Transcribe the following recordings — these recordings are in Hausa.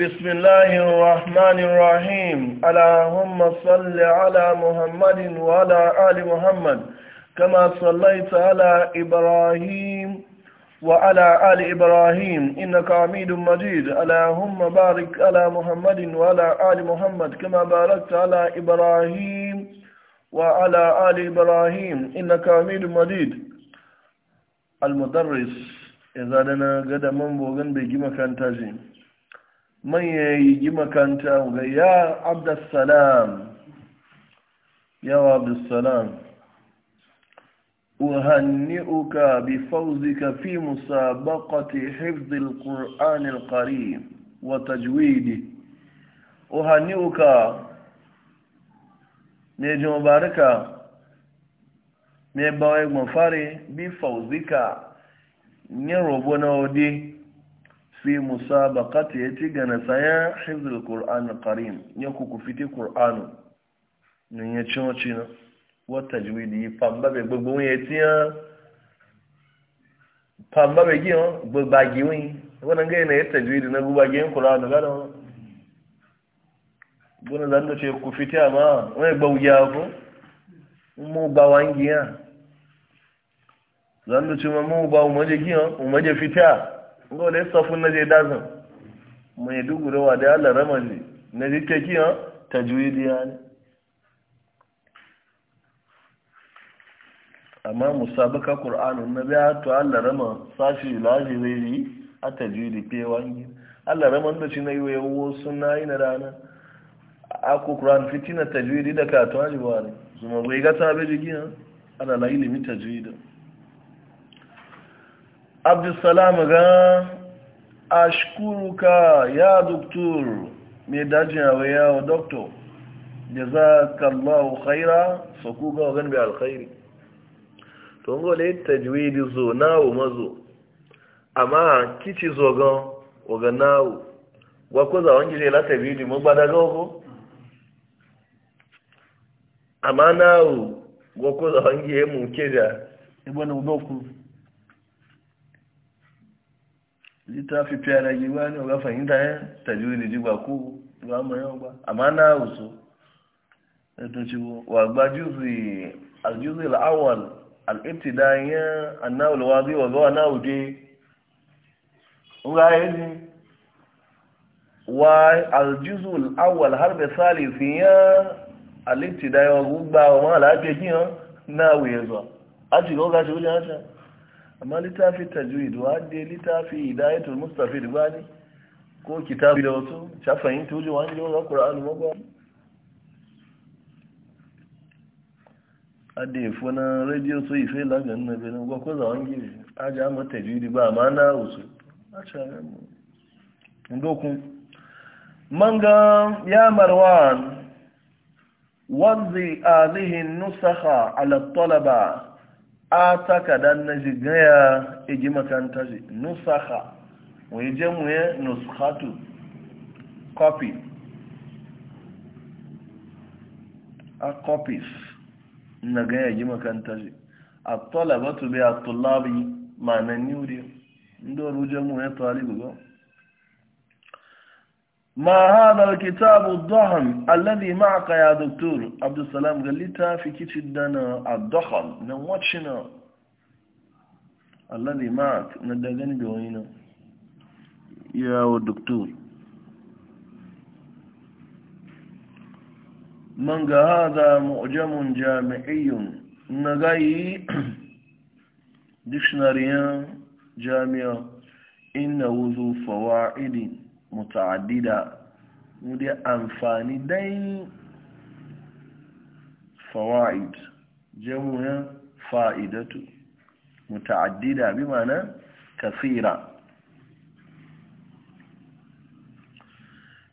بسم الله الرحمن الرحيم اللهم صل على محمد وعلى آل محمد كما صليت على إبراهيم وعلى آل إبراهيم إنك عميد مجيد اللهم بارك على محمد وعلى آل محمد كما باركت على إبراهيم وعلى آل إبراهيم إنك عميد مجيد المدرس إذا لنا قد بيجي مكان تجيم manya yi makanta ga ya abdussalam yawa abdussalam uhanni'uka bi fawzika fi musabaqati hifdhi alqur'an alkarim wa tajwidi uhanni'uka meji mubaraka me bawai egbon fare bi fawzika ni robo na odi fi musabaqati ya ci ga hizul qur'an karim ya kuku fiti qur'an ya ci na saya jwidi pamba be gbogbo ya ti ya be ya tajwidi na qur'an ga da bona da ce ku fiti ya ko mu ba wangiya da ce mu ba mu maje mu maje fita ngole safun na je dazan mai dugurewa da Allah ramani na jike kiyan tajwidi ya ne amma musabaka qur'anun na biya to Allah rama sashi laji zai a tajwidi pe wangi Allah rama da shi na yiwe wo suna yi na rana aku qur'an fitina tajwidi da ka to ajwa ne zuma bai ga ta be jigiya ana la ilimi tajwidi abdulsalam ga ashkuruka ya doktor mai dajin awa yawa doktor da za ka allahu khaira su kuga wa ganbe alkhairi tun gole tajwidi zo nawo mazo amma kici zo gan oga nawo wa ko za wangi la tajwidi mu gbada ga ko amma nawo wa ko za wangi mu keja ibn udoku littafi fiyara giwa ne ga fahimta ya e, tajiri jigba ko ba mu yau ba amma na wasu e to ci wa gba juzi aljuzi al'awal al'ibtida ya annawul wazi wa gawa na wuje ngaye ne wa aljuzi al'awal har bai salisi ya al'ibtida ya gugba wa ma lafiya kiyan na wuye zuwa a ci ga ga shi wujen hasa amma littafi tajwid wadda littafi hidayatul mustafid bani ko kitabi da wasu ta fahimta wujen wani yau ga ƙura'anu magwa adda ya fi na rediyo so ife lagan na benin gwa ko zawon gini aji amma tajwidi ba ma na wasu a shagar dokun manga ya marwan wanzi azihin nusaha ala talaba a takadan na jigaya igi makanta ji nusaha wani jemuye nusuhatu copy a copies na gaya igi makanta ji a batu bai a tulabi ma na niwuri ndị ọrụ jemuye talibu gọọ ما هذا الكتاب الضخم الذي معك يا دكتور عبد السلام قال لي في كتابنا الضخم نواتشنا الذي معك ندغني بوينة يا دكتور من هذا معجم جامعي نغاي ديكشنريان جامع انه ذو فوائد muta'addida mudi amfani dai fawaid jamuyan fa'idatu muta'addida bi ma'ana kasira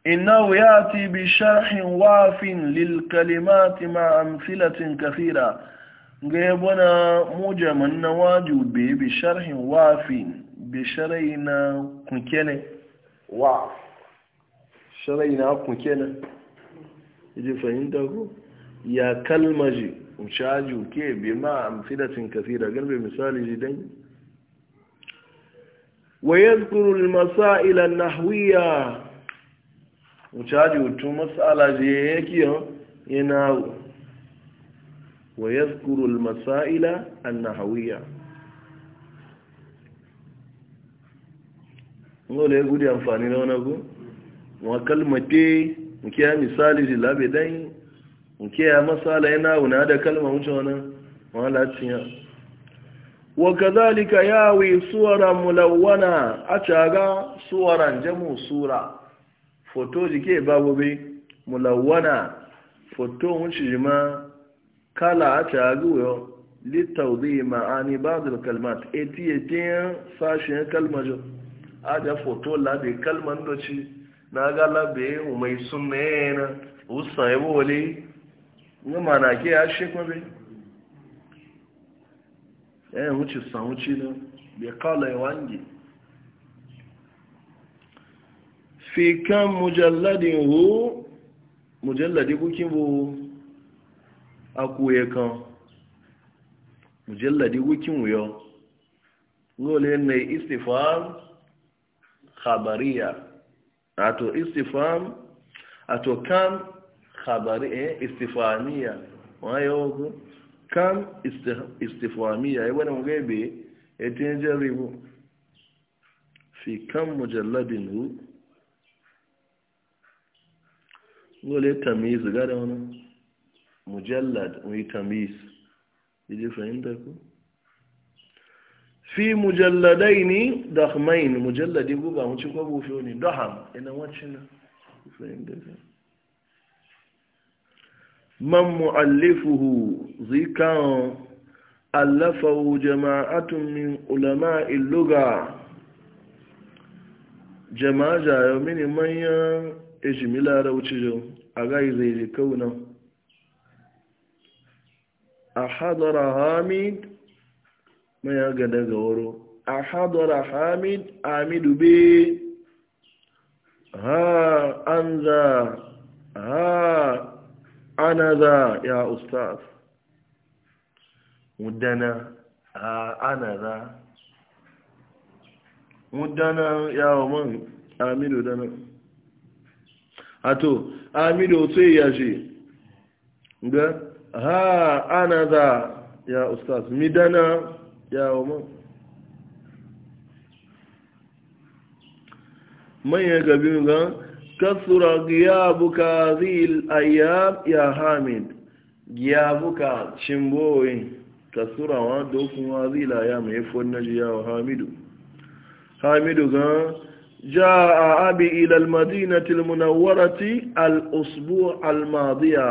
إنه يأتي بشرح واف للكلمات مع أمثلة كثيرة غيبنا موجم النواجب بشرح واف بشرينا كنكيني wa sharai na kun kenan yaji fahimta ku ya kalmaji ucaju ke bi ma amfidatin kasira garbe misali dan wa yadhkuru al-masail an-nahwiyya ucaju to masala je yake yana wa yadhkuru al-masail an-nahwiyya ngole ya gudu amfani na wani abu ma kalmate nke ya misali da labe dan nke ya masala yana wuna da kalma wuce wani malaciya wa kadhalika yawi suwara mulawana a caga suwaran jamu sura foto jike babu bi mulawana foto wuce jima kala a caga wuyo littaudi ma'ani ba da kalmat 88 e sashen kalmajo aja foto labe kalman doci na ga labe mai sunna yana usan yabo wale nga mana ke ya shekwa be eh wuce san wuce na be kala yawangi fi kam mujalladin hu mujalladi kukin bu akuye kan mujalladi kukin wuyo ngole ne istifam khabariya ato istifam ato kam khabari eh istifamiya wayo kam istifamiya ibana mugebe etinjaribu fi kam mujalladin hu ngole tamiz gada wana mujallad wi tamiz idi fahimta ku fi mujalladai ni dahmain mujalladi guba mu ci kwabo fi ne daham ina wacin man mu'allifuhu zikan allafahu jama'atun min ulama'i lugha jama'a jayo mini manyan wuce raucijo a gai zai kauna a hadara hamid gada ga wuro a hadara hamid amidu be ha an za ha ana za ya ustaz mudana Ha ana za mudana ya man amidu dana ato amidu otu ya ji ga ha ana za ya ustaz midana yawo man gabi ga kasura giyabuka zil ayyab ya hamid giyabuka cimboyin kasura wa dokun wa zil ayyab ya fonna hamidu hamidu ga جاء أبي إلى المدينة المنورة الأسبوع الماضية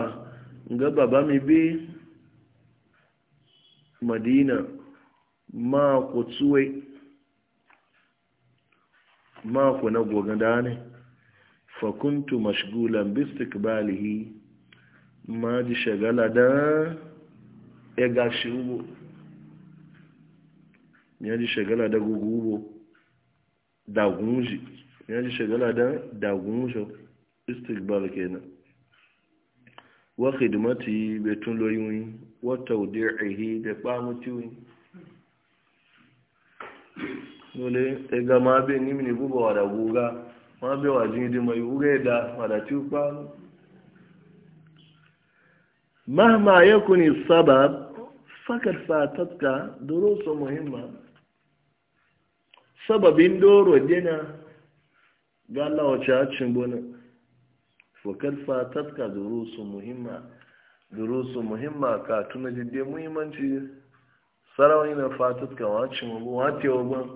قبب مبي مدينة ma ku tsuwe ma ku na gogada ne fakuntu mashgulan bistikbalihi ma ji shagala da ya gashi ubo ya ji shagala da gugubo da gunji ya ji shagala da da gunjo istikbal kenan wa khidmati betun loyin wa tawdi'ihi da nole ega ma be ni mini buba wada guga ma be wa jin di mai uga da wada ti kwa mahma yakuni sabab fakat fatatka durusu muhimma sababin doro dena ga Allah wace hacin bona fakat fatatka durusu muhimma durusu muhimma ka tuna jide muhimmanci sarawani na fatus ka wacin wace ogun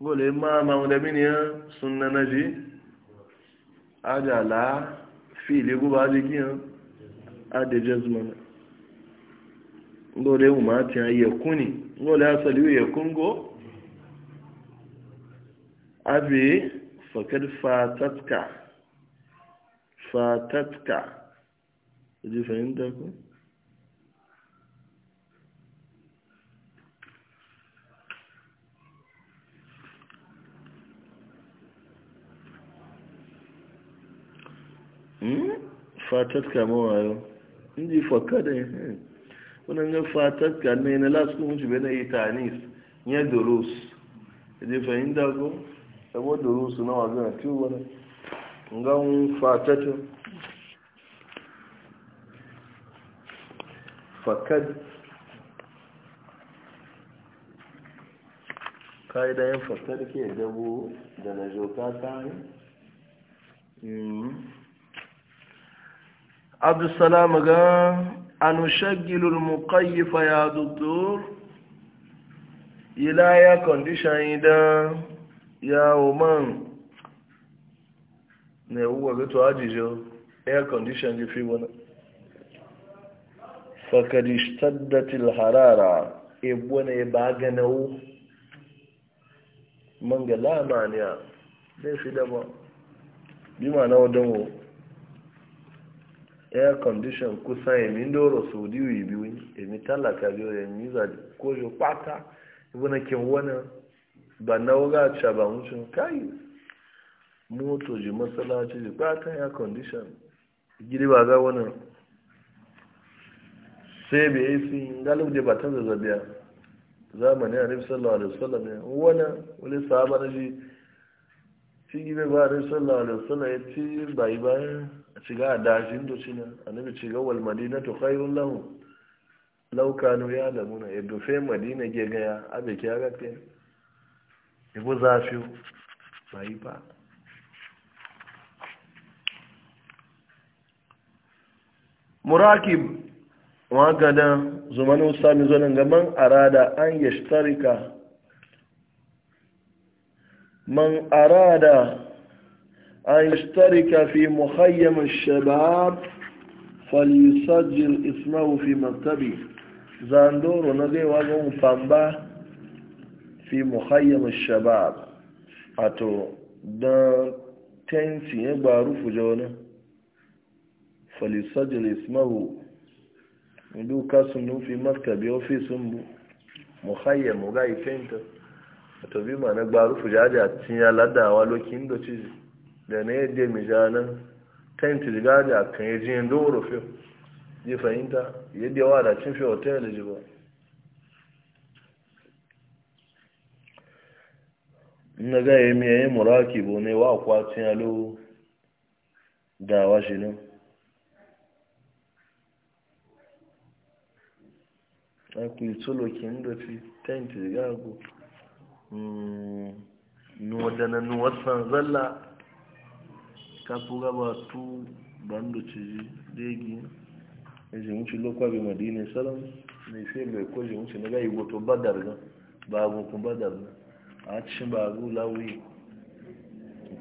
gole ma ma da mini ya sunna na ji ajala fili guba jiki ya ade jazmana gole mu ma ta ya kuni gole asali ya kungo abi fakad fatatka fatatka ji fahimta ko Hmm? fatatka mawayo inji fakka da hmm. wannan ga fatatka ne na lasu mutu yi na itanis ya durus da fahimta ko sabo durus na wazana tuba na ngan fatata fakad ka'ida yin fatar ke dabo da na joka ta ne abdulsalam ga an shagilul muqayyifa ya doktor ila ya condition idan yawo man na yawuwa ga to ajijo air condition ji fi wani fakadistaddatil harara ebo ne ba ganawo man ga lamaniya zai fi daba bi ma na wadanwo air condition kusan emi ndoro so di wi bi wi emi talaka bi o emi za ko jo pata ibona ke wona ba na oga cha ba mutu kai moto ji masallaci ji pata air condition gidi ba ga wona sai bi isi galib da batan zazzabiya zamanin a rifisar sallallahu alaihi wasallam ne wani wani sahaba na ji shi gibe ba a rifisar sallallahu alaihi wasallam ya ci bayi bayan a dajin do a annabi ciga wal to khairun lahu law kanu ya'lamuna yadda fe madina ge ga abe ki ga ke ibo zafi bai ba murakib wa gada zumanu sami gaban arada an yashtarika man arada أن يشترك في مخيم الشباب فليسجل اسمه في مكتبه زاندور نغي وغم فامبا في مخيم الشباب أتو دان تنتي يبارو فجونا فليسجل اسمه ndu kasunu fi maktabi ofisun bu muhayyam ga ifenta to bi ma na gbaru fujaja tin ya ladawa lokin do ciji da na yadda mijanin tenti jigaja kan yi jiyan doro fi ji fahimta yadda yawa da cin ji ba na ga yi miya yi muraki bo ne wa akwatin alo da wa shi nan akwai da fi tenti hmm, nuwa da na nuwa san zalla kafu batu tu bando ciji degi eji wuce lokwa bi madina salam na ife mai kwaji wuce na gayi goto badar na bagun kun badar na a cikin bagu lawi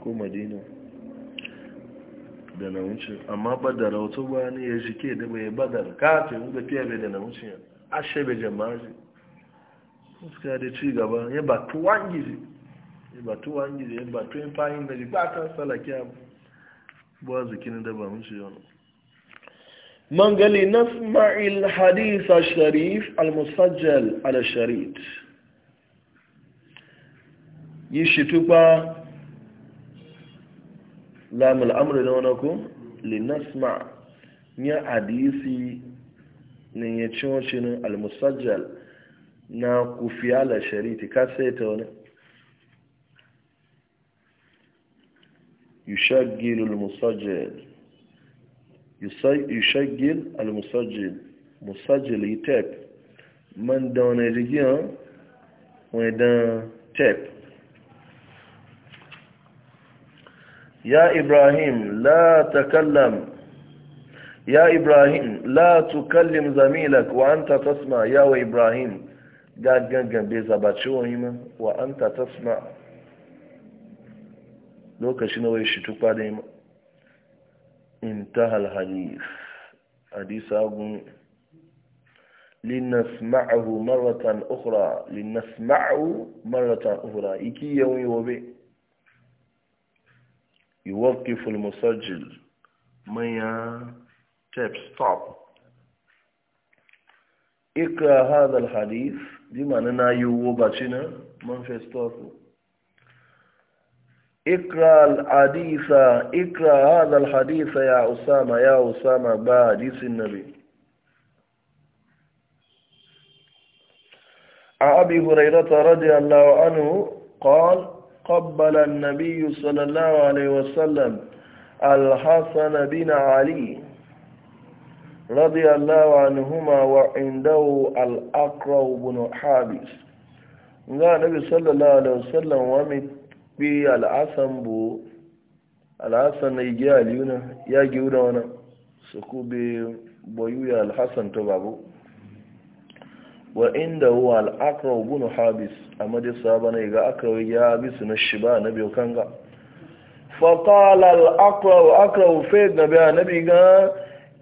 ko madina da na wuce amma badar wato ba ne ya shike da bai badar kafin wuga fiye bai da na wuce ya ashe bai jama'a suka da ci gaba ya ba tuwan gizi ya ba tuwan ya ba tuwan da ba kan salaki abu ba zikin da ba mun shi man gali nasma'il hadith sharif al-musajjal ala sharit yi shi tuba lamul amri da wani ku li nasma ya hadisi ne ya ci wacinin al-musajjal na kufiya al sharit ka sai ta wani يشجل المسجل يشجل المسجل مسجل يتاب من دون الرجيان ودان تاب يا إبراهيم لا تكلم يا إبراهيم لا تكلم زميلك وأنت تسمع يا إبراهيم قد قد قد بيزا باتشوهما وأنت تسمع lokaci na wai shi tukpa da ima intahal hadis hadisa gun linasma'ahu maratan ukhra linasma'ahu maratan ukhra iki yawon yobe يوقف المسجل ميا تاب ستوب اقرا هذا الحديث بما اننا يوبا من في ستوب اقرا الحديث اقرا هذا الحديث يا اسامه يا اسامه بحديث النبي ابي هريره رضي الله عنه قال قبل النبي صلى الله عليه وسلم الحسن بن علي رضي الله عنهما وعنده الأقرب بن حابس قال النبي صلى الله عليه وسلم ومن bi al'asan bu al'asan na igi aliyuna ya giyu da wani su ku bi boyu ya al'asan to babu wa inda wu al'akra gunu habis a madisa ba na iga akra ya habis na shiba na biyu kanga faƙala al'akra wa fed na biya a nabi ga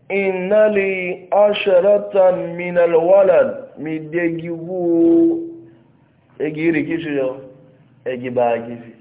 inna li asharatan min alwalad mi de gigu egi rikishi yo egi ba gifi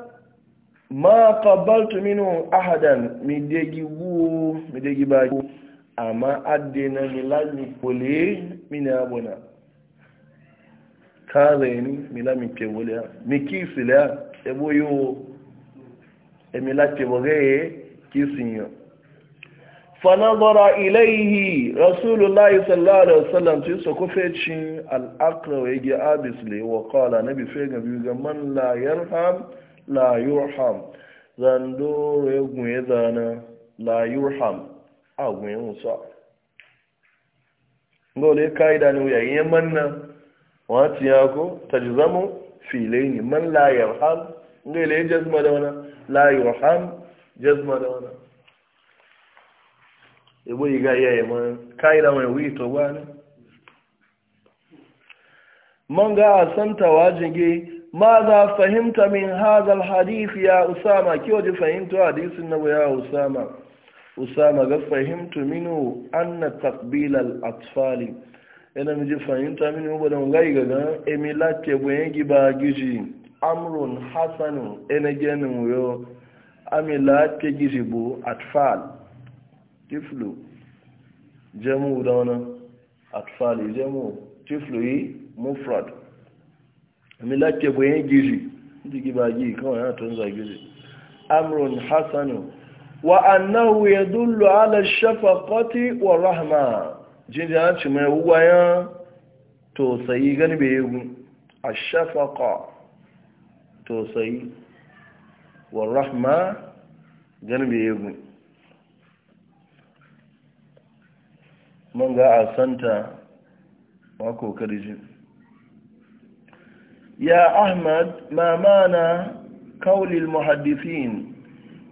ma qabaltu minhu ahadan degi wu degi ba amma addena milani pole mina abona kazeni milami pebole mikisile ebo yo emila pebole kisinyo fanadara ilaihi rasulullahi sallallahu alaihi wasallam ti so ko fecin al-aqra wa yagi abisle wa qala nabi fega bi ga man la yarham la yurham zan doro ya gunye zana la yurham a gunye musa ka'ida ne ya manna wati ya ko tajzamu filaini man la yarham dole jazma da wana la yurham jazma da wana ebo iga yayin man ka'ida mai wito wani man ga asanta wajige ماذا فهمت من هذا الحديث يا أسامة كيف فهمت حديث النبو يا أسامة أسامة فهمت منه أن تقبيل الأطفال أنا نجي فهمت منه بدون غيغا إميلات يبوينجي باجيجي أمر حسن أنا جنم يو أميلات يجيبو أطفال تفلو جمو دونا أطفال جمو تفلو مفرد mi láti ẹgbẹ̀ yẹn gírí dígí bá yìí kan wọ́n tó ń zà gírí amrun hassanu wa annahu ya ala shafaqati wa rahma jíjẹ an ci mai wuwayen to sayi gani bai yi a shafaqa to sayi wa rahma gani bai yi mun ga a santa mako karjin يا أحمد ما معنى قول المحدثين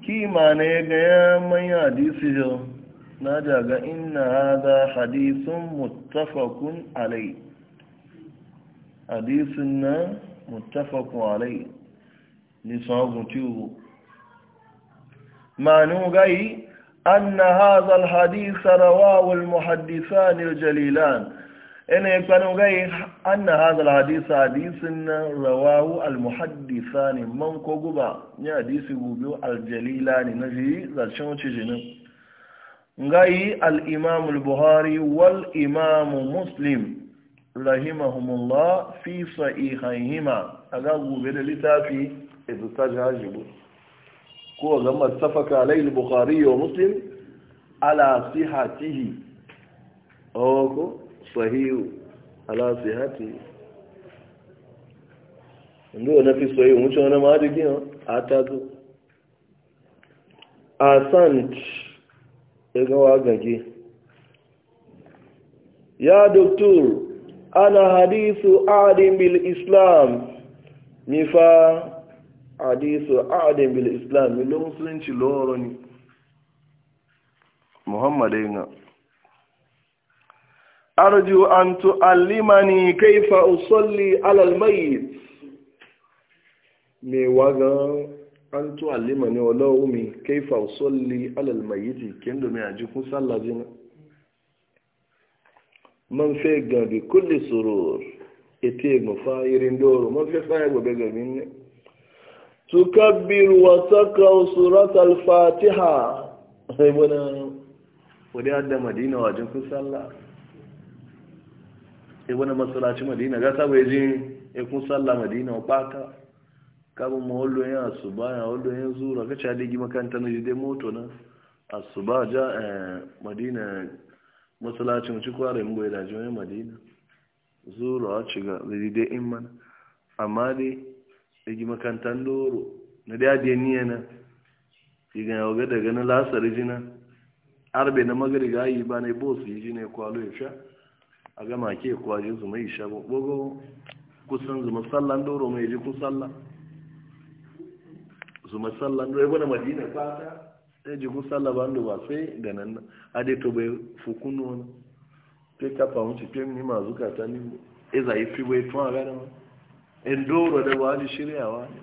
كي معنى يا من يحدثه نجد إن هذا حديث متفق عليه حديثنا متفق عليه نصاب تيوه معنى أن هذا الحديث رواه المحدثان الجليلان ina ya kwanin gai an na hazal hadisa hadisin na rawahu almuhaddisa ne man ko guba ya hadisi gubi aljalila ne na ji zarcen wuce jinin gai al'imam al-buhari wal imam muslim rahimahumullah fi sa'ihaihima a ga gobe da littafi isu ta jajibu ko zama tafaka alayhi buhari wa muslim ala sihatihi ko sahihu ala sihati Ndu wana fi sahihu mcho wana maadi kiyo atatu asant ega wagage ya doktor ana hadithu adin bil islam nifa hadithu adin bil islam milo ci loro ni muhammadai nga arju an tu'allimani kaifa usalli ala almayt me waga an tu'allimani olohun mi kaifa usalli ala almayt kendo me aji kun sallaje na man fe ga bi kulli surur ete mo fa irin doro man fe fa go be gamin ne tukabbir wa taqra surat al-fatiha sai bona da adda madina wajen kun sallah e wani masalaci madina ga saba ya jin ya kun sallah madina wa ɓata kamun ma wallo yin asuba ya wallo yin zura ka ca digi makanta na jide moto na asuba ja eh, madina masalacin ci kwara yin goyi daji wani madina zura a ci ga jide in mana amma dai digi makanta loro na da yadda niya na iga ya waga daga na lasar jina arbe na magariga yi ba na ibo su yi jina ya kwalo ya sha a gama ke kwaje su mai shago gogo kusan zuma sallan doro mai ji kusalla zuma sallan doro ibana madina fata ya ji kusalla ba ndo ba sai da nan a to bai fukunu wani pe kafa wuce pe ni ma zuka ta ni e za yi fi bai tun a gara ma in e doro da wani shiryawa ne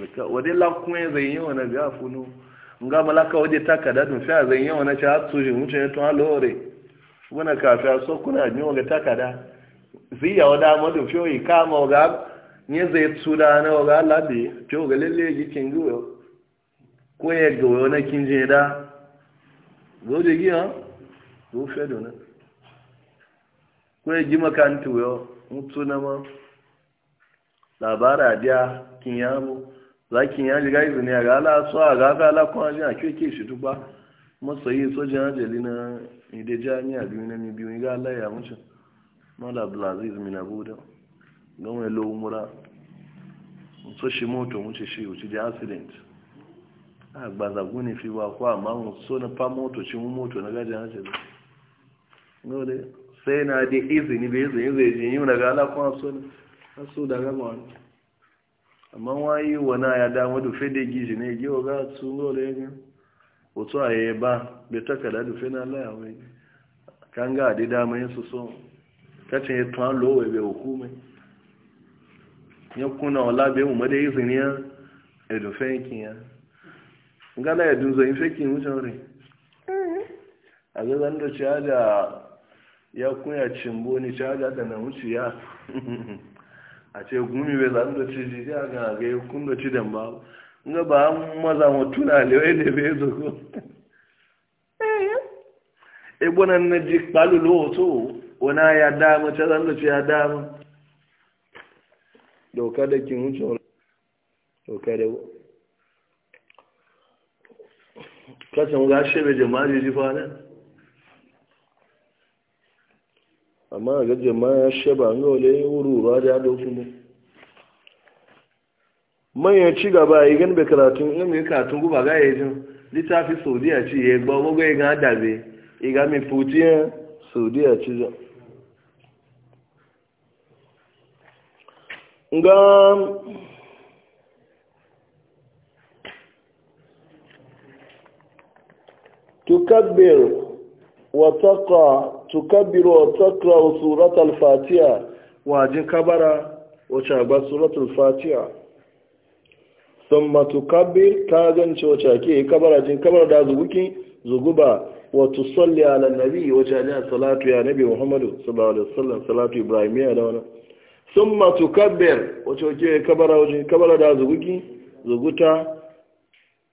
alka wadai lakun ya e zai yi wani gafunu nga malaka wadai takada tun fi a zai yi wani ci hatsu shi wuce ya tun a lore muna kafiya so kuna jin waga takada ziya wada madu fiyo yi kama waga nye zai tsuda na waga labi fiyo ga lalle yi kin guyo ko ya ga wani kin je da goje giya go fe do na ko ya ji makantu yo mutu na ma labara dia kin yamu za kin ya ji gaizu ne ga ala so ga ga ala ko ajin a kike shi tuba masoyi sojan ajali na mai dai jami'a biyu na mi biyu ga Allah ya mutu mala abdulaziz min abuda don wani lo umura so shi moto mutu shi wuce da accident a gbaza gune fi ba kuwa amma so na fa moto shi mun moto na gajin hace da dole sai na da izini bai izini zai je yi na ga Allah kuma so na so da gama wani amma wayi wana ya damu da fede gizi ne giwa ga su dole ne wato a yi ba bai takada da fina laya wai kan ga adi dama yin su son kacin ya tuwa lowe bai hukume ya kuna wala bai mu mada izini ya edo fenkin ya gala ya dunzo in fekin wucin rai a ga zan da caja ya kunya cimbo ni caja da na wuce ya a ce gumi bai zan da ci jiya ga ga ya kun da ci dan ba nga ba maza mutuna lewai da bai zo ko ebonan na ji kpalulo hoto wana ya dama ta zan da ya dama doka da kin wuce doka da kasan ga shebe jama'a ji fana amma ga jama'a ya sheba an ga wale wurura da dokin mu manyan ci gaba yi gan be karatun in mai katun guba ga yajin littafi saudiya ci ya gbagbogbo ya gan adabe iga mi puti yẹn sòdí ẹ̀tí jẹ. nga tukabir wataka tukabir wataka surat al-fatiha wajin kabara wacce ba surat al-fatiha sun matukabir ta gan ce wacce ke kabara jin kabara da zuguki zuguba wato salli ala nabi wajen hanyar salatu ya nabi muhammadu sallallahu alaihi wasallam salatu ibrahimiyya da wani sun matu kabir wace kabara wajen kabara da zuguki zuguta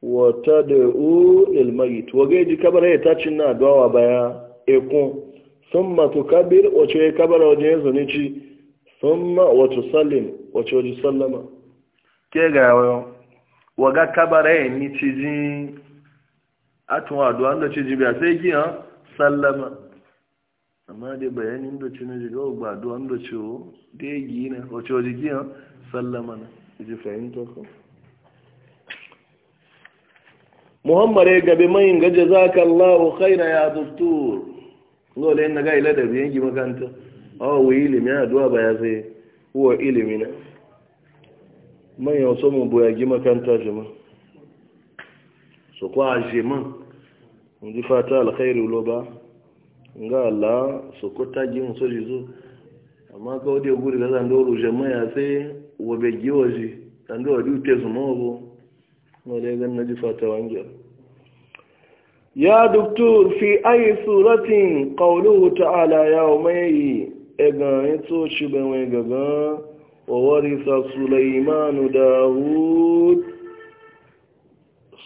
wata da u ilmagit wagai ji kabara ya tacin na dawa baya ekun sun matu kabir wace kabara wajen yanzu ne ci sun ma wace sallim wace waje sallama ke ga waga kabara ni ci atun adu'a da ce biya sai ki sallama amma dai bayanin da ci na ga ogba adu'a da ce o da ya ko wace waje ki ha sallama na ji fahimta ko muhammad ya gabe mayin gaje za ka allahu khaira ya duktur dole yin na ga ila da biyan gi makanta awa wuyi ilimi adu'a ba ya sai huwa ilimina manyan wasu mu boyagi makanta jama'a so kwa ajeman ndi fata alkhairi uloba nga Allah so ko tagi mu so jizo amma ka wode guri ga zando ruje mai ya sai wabe giwaji zando wadi utezu mobo wale ga naji fata wangiya ya doktor fi ayi suratin qawluhu ta'ala yawmai egan e to shi ben we gaga wa warisa sulaiman daud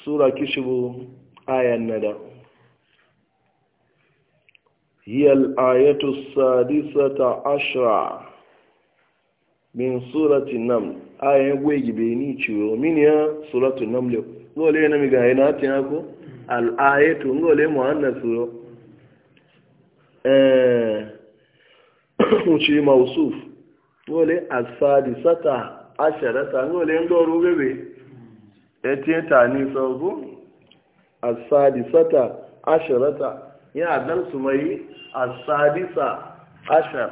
sura kichugwu, ha yal na-ada. Yal ayetu sadi Min suura tinam, ha enyo gwe igbe ni choro, min yaa suura tinam leo. Ng'ole ndị na-amị ka ha enyo ha tinya ha ku, al-ayetu, ng'ole ndị mụhana turo. Wuchiri Mausus. Ng'ole a sadi sata asharịta, ng'ole ndị ọrụ ụgha Ya ce ta ni A as-sadisata asharata ya dan su mai a sadisa ashar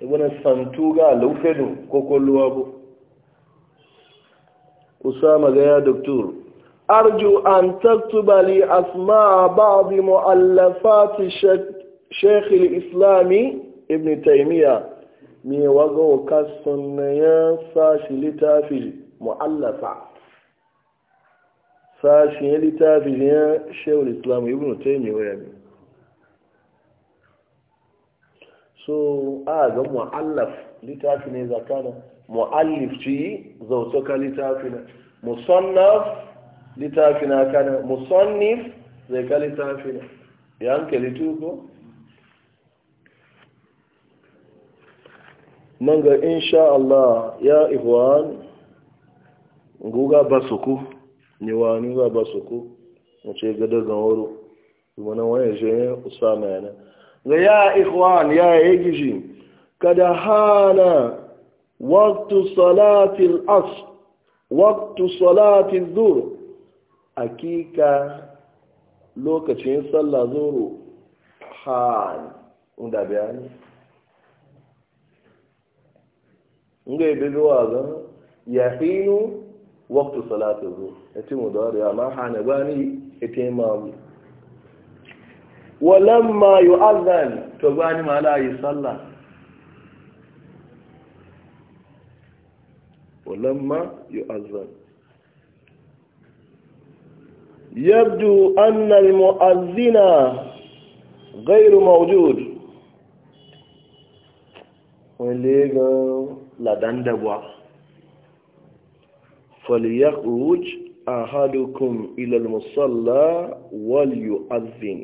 ibn santuga laufedo kokoluwa bu usama ga ya doktor arju an taktuba li asma ba'd mu'allafat shaykh al-islami ibn taymiyah me wago ka sunayen sashi littafi mu'allafa sashin littafi ya shehul islam ibn ya ne so a ga mu'allaf littafi ne zakana mu'allif ci zautuka littafi na musannaf littafi na kana musannif zai ka littafi na ya hankali tuko man ga insha Allah ya ihwan guga basuku ni wa ni ga basuku wace ga daga wuro wani wani je usama yana ga ya ihwan ya yigiji kada hana waqtu salati al-asr waqtu salati adh-dhuhr akika lokacin sallah zuhur ha unda bayani nga ebe zuwa ga ya hinu waktu salatu zu ya e ci mu da ya ma hana gani e ita yi mamu walamma yu azan to gani ma la yi sallah walamma yu azan yabdu anna al-mu'azzina ghayru mawjud wale lega. ladan dabwa فليخرج أحدكم إلى المصلى وليؤذن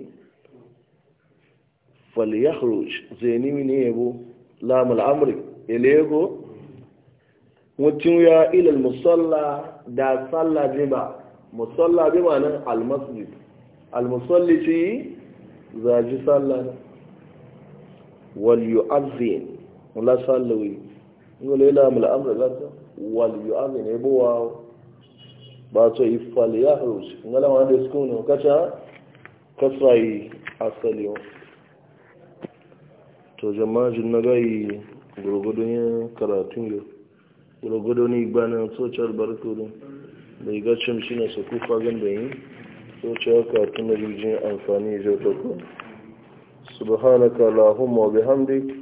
فليخرج زيني من إيبو لام الأمر إليبو وتنويا إلى المصلى دا صلى جبا مصلى بمعنى المسجد المصلي في زاج صلى وليؤذن ولا صلوي yola ila mul amr lanta wal yu'min ibuwa ba to ifal yahruj ngala wa da sukun kacha kasrai asali to jama'a jin nagai gurgudun karatun yau gurgudun igbanin social barkudu da iga cimshi na su kufa gandayin social karatun na jirgin amfani jau tako subhanaka lahumma bihamdik